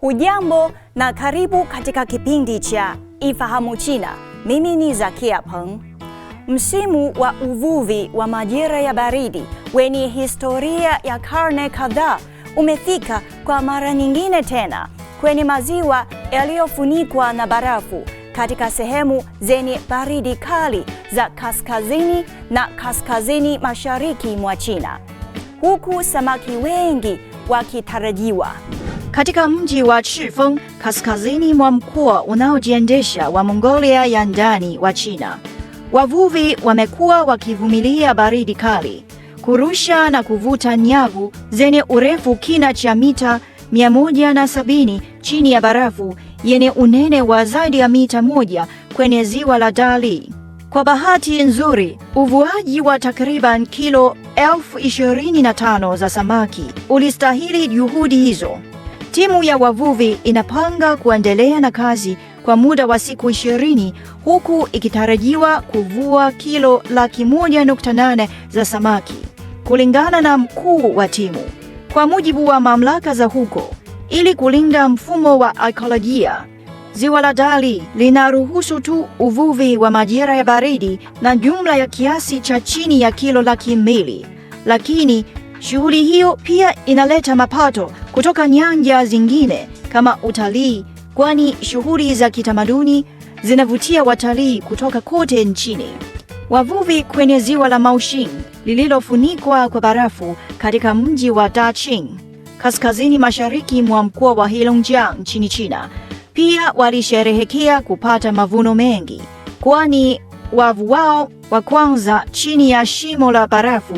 Hujambo na karibu katika kipindi cha Ifahamu China. Mimi ni Zakia Peng. Msimu wa uvuvi wa majira ya baridi wenye historia ya karne kadhaa umefika kwa mara nyingine tena kwenye maziwa yaliyofunikwa na barafu katika sehemu zenye baridi kali za kaskazini na kaskazini mashariki mwa China, huku samaki wengi wakitarajiwa katika mji wa Chifeng kaskazini mwa mkoa unaojiendesha wa Mongolia ya ndani wa China. Wavuvi wamekuwa wakivumilia baridi kali, kurusha na kuvuta nyavu zenye urefu kina cha mita 170 chini ya barafu yenye unene wa zaidi ya mita moja kwenye ziwa la Dali. Kwa bahati nzuri, uvuaji wa takriban kilo elfu za samaki ulistahili juhudi hizo. Timu ya wavuvi inapanga kuendelea na kazi kwa muda wa siku ishirini huku ikitarajiwa kuvua kilo laki moja nukta nane za samaki kulingana na mkuu wa timu. Kwa mujibu wa mamlaka za huko, ili kulinda mfumo wa ekolojia, ziwa la Dali linaruhusu tu uvuvi wa majira ya baridi na jumla ya kiasi cha chini ya kilo laki mbili, lakini shughuli hiyo pia inaleta mapato kutoka nyanja zingine kama utalii, kwani shughuli za kitamaduni zinavutia watalii kutoka kote nchini. Wavuvi kwenye ziwa la Maoshing lililofunikwa kwa barafu katika mji wa Daqing kaskazini mashariki mwa mkoa wa Heilongjiang nchini China pia walisherehekea kupata mavuno mengi, kwani wavu wao wa kwanza chini ya shimo la barafu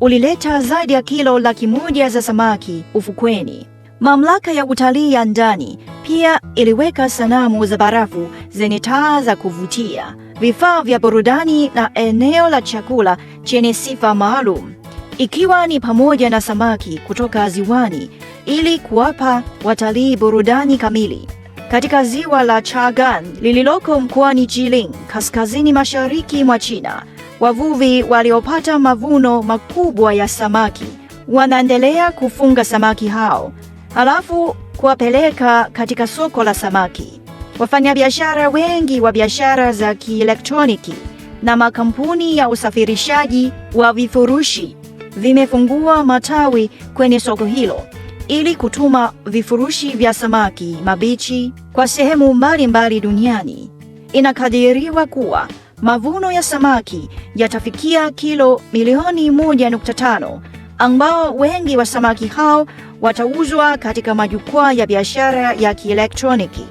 ulileta zaidi ya kilo laki moja za samaki ufukweni. Mamlaka ya utalii ya ndani pia iliweka sanamu za barafu zenye taa za kuvutia, vifaa vya burudani na eneo la chakula chenye sifa maalum, ikiwa ni pamoja na samaki kutoka ziwani ili kuwapa watalii burudani kamili. Katika ziwa la Chagan lililoko mkoani Jilin, kaskazini mashariki mwa China, Wavuvi waliopata mavuno makubwa ya samaki wanaendelea kufunga samaki hao halafu kuwapeleka katika soko la samaki. Wafanyabiashara wengi wa biashara za kielektroniki na makampuni ya usafirishaji wa vifurushi vimefungua matawi kwenye soko hilo ili kutuma vifurushi vya samaki mabichi kwa sehemu mbalimbali duniani. Inakadiriwa kuwa mavuno ya samaki yatafikia kilo milioni 1.5 ambao wengi wa samaki hao watauzwa katika majukwaa ya biashara ya kielektroniki.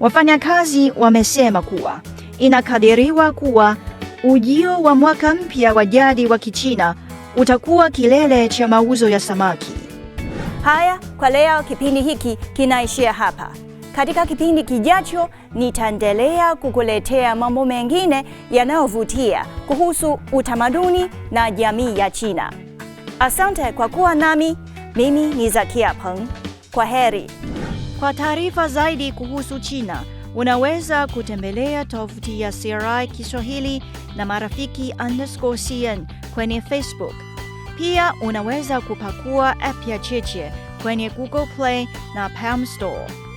Wafanyakazi wamesema kuwa inakadiriwa kuwa ujio wa mwaka mpya wa jadi wa Kichina utakuwa kilele cha mauzo ya samaki. Haya, kwa leo kipindi hiki kinaishia hapa. Katika kipindi kijacho nitaendelea kukuletea mambo mengine yanayovutia kuhusu utamaduni na jamii ya China. Asante kwa kuwa nami. Mimi ni Zakia Peng. Kwa heri. Kwa taarifa zaidi kuhusu China unaweza kutembelea tovuti ya CRI Kiswahili na marafiki underscore cn kwenye Facebook. Pia unaweza kupakua app ya Cheche kwenye Google Play na Palm Store.